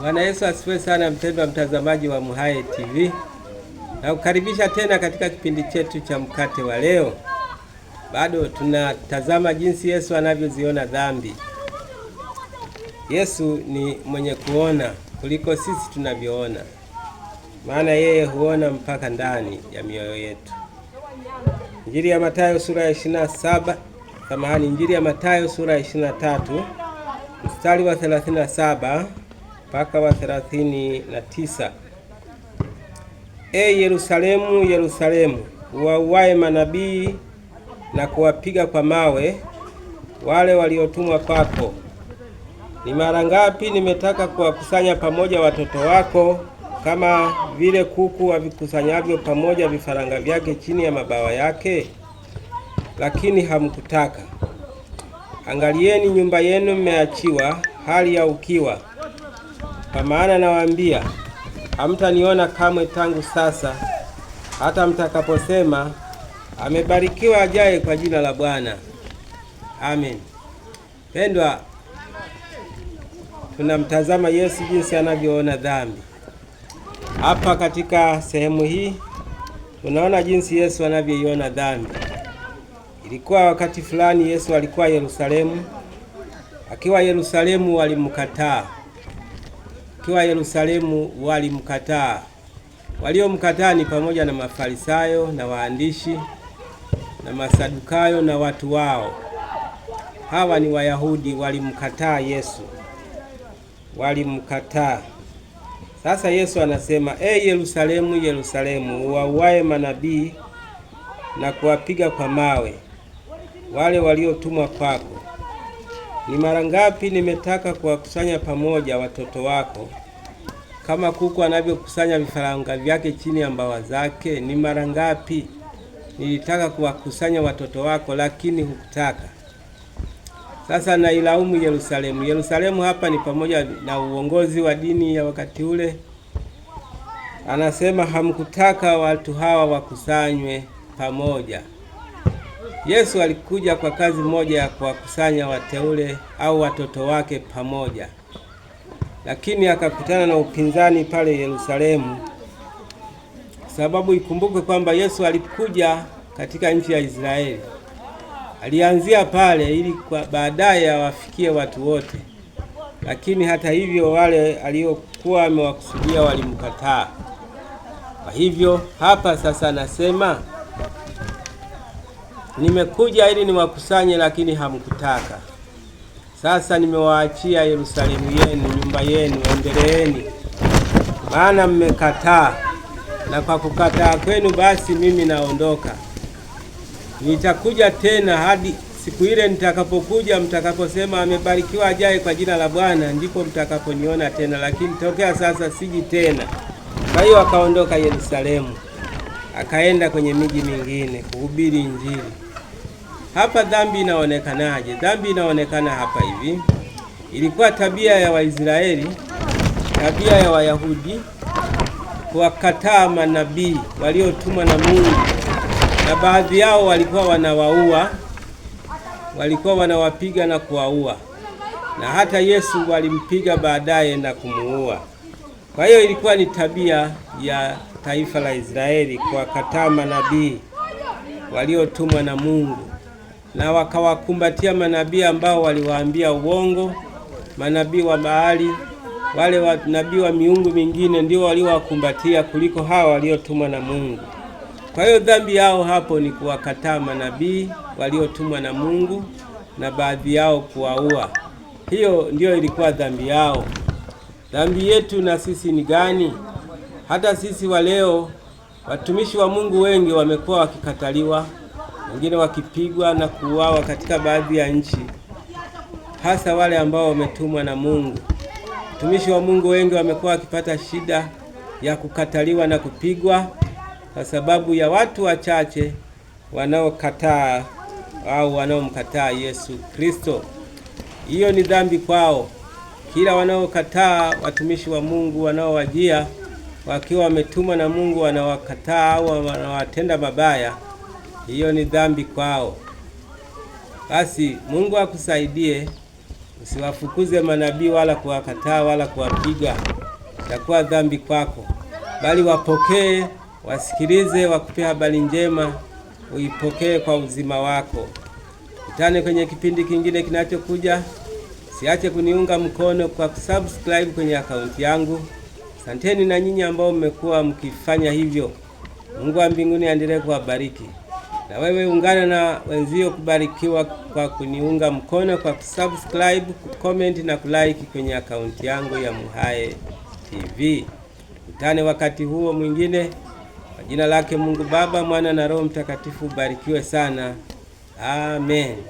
Bwana Yesu asifiwe sana, mpendwa mtazamaji wa MHAE TV, nakukaribisha tena katika kipindi chetu cha mkate wa leo. Bado tunatazama jinsi Yesu anavyoziona dhambi. Yesu ni mwenye kuona kuliko sisi tunavyoona, maana yeye huona mpaka ndani ya mioyo yetu. Injili ya Mathayo sura ya 27, samahani, Injili ya Mathayo sura ya 23 mstari wa 37 mpaka wa thelathini na tisa. E Yerusalemu, Yerusalemu, uwauaye manabii na kuwapiga kwa mawe wale waliotumwa kwako. Ni mara ngapi nimetaka kuwakusanya pamoja watoto wako kama vile kuku wavikusanyavyo pamoja vifaranga vyake chini ya mabawa yake, lakini hamkutaka. Angalieni, nyumba yenu mmeachiwa hali ya ukiwa kwa maana nawaambia, hamtaniona kamwe tangu sasa hata mtakaposema, amebarikiwa ajaye kwa jina la Bwana. Amen. Pendwa, tunamtazama Yesu jinsi anavyoona dhambi. Hapa katika sehemu hii tunaona jinsi Yesu anavyoiona dhambi. Ilikuwa wakati fulani Yesu alikuwa Yerusalemu. Akiwa Yerusalemu walimkataa akiwa Yerusalemu walimkataa. Waliomkataa ni pamoja na Mafarisayo na waandishi na Masadukayo na watu wao. Hawa ni Wayahudi, walimkataa Yesu, walimkataa. Sasa Yesu anasema, e Yerusalemu, Yerusalemu, uwauaye manabii na kuwapiga kwa mawe wale waliotumwa kwako ni mara ngapi nimetaka kuwakusanya pamoja watoto wako kama kuku anavyokusanya vifaranga vyake chini ya mbawa zake. Ni mara ngapi nilitaka kuwakusanya watoto wako, lakini hukutaka. Sasa nailaumu Yerusalemu. Yerusalemu hapa ni pamoja na uongozi wa dini ya wakati ule. Anasema hamkutaka watu hawa wakusanywe pamoja. Yesu alikuja kwa kazi moja ya kuwakusanya wateule au watoto wake pamoja, lakini akakutana na upinzani pale Yerusalemu. Sababu ikumbukwe kwamba Yesu alikuja katika nchi ya Israeli, alianzia pale ili kwa baadaye awafikie watu wote, lakini hata hivyo wale aliokuwa amewakusudia walimkataa. Kwa hivyo hapa sasa nasema nimekuja ili niwakusanye, lakini hamkutaka. Sasa nimewaachia Yerusalemu yenu, nyumba yenu, endeleeni, maana mmekataa, na kwa kukataa kwenu, basi mimi naondoka. Nitakuja tena hadi siku ile nitakapokuja, mtakaposema amebarikiwa ajaye kwa jina la Bwana, ndipo mtakaponiona tena, lakini tokea sasa siji tena. Kwa hiyo akaondoka Yerusalemu, akaenda kwenye miji mingine kuhubiri Injili. Hapa dhambi inaonekanaje? Dhambi inaonekana hapa hivi. Ilikuwa tabia ya Waisraeli, tabia ya Wayahudi kuwakataa manabii waliotumwa na Mungu, na baadhi yao walikuwa wanawaua, walikuwa wanawapiga na kuwaua, na hata Yesu walimpiga baadaye na kumuua. Kwa hiyo ilikuwa ni tabia ya taifa la Israeli kuwakataa manabii waliotumwa na Mungu na wakawakumbatia manabii ambao waliwaambia uongo, manabii wa Baali, wale nabii wa miungu mingine ndio waliowakumbatia kuliko hawa waliotumwa na Mungu. Kwa hiyo dhambi yao hapo ni kuwakataa manabii waliotumwa na Mungu na baadhi yao kuwaua. Hiyo ndiyo ilikuwa dhambi yao. Dhambi yetu na sisi ni gani? Hata sisi wa leo watumishi wa Mungu wengi wamekuwa wakikataliwa wengine wakipigwa na kuuawa katika baadhi ya nchi, hasa wale ambao wametumwa na Mungu. Watumishi wa Mungu wengi wamekuwa wakipata shida ya kukataliwa na kupigwa kwa sababu ya watu wachache wanaokataa au wanaomkataa Yesu Kristo. Hiyo ni dhambi kwao. Kila wanaokataa watumishi wa Mungu wanaowajia wakiwa wametumwa na Mungu, wanawakataa au wanawatenda mabaya hiyo ni dhambi kwao. Basi Mungu akusaidie, usiwafukuze manabii wala kuwakataa wala kuwapiga, itakuwa dhambi kwako, bali wapokee, wasikilize, wakupe habari njema, uipokee kwa uzima wako. Kutane kwenye kipindi kingine kinachokuja. Siache kuniunga mkono kwa kusubscribe kwenye akaunti yangu. santeni na nyinyi ambao mmekuwa mkifanya hivyo. Mungu wa mbinguni aendelee kuwabariki na wewe ungana na wenzio kubarikiwa kwa kuniunga mkono kwa kusubscribe, kucomment na kulike kwenye akaunti yangu ya MHAE TV. Kutane wakati huo mwingine. Kwa jina lake Mungu Baba, Mwana na Roho Mtakatifu, ubarikiwe sana. Amen.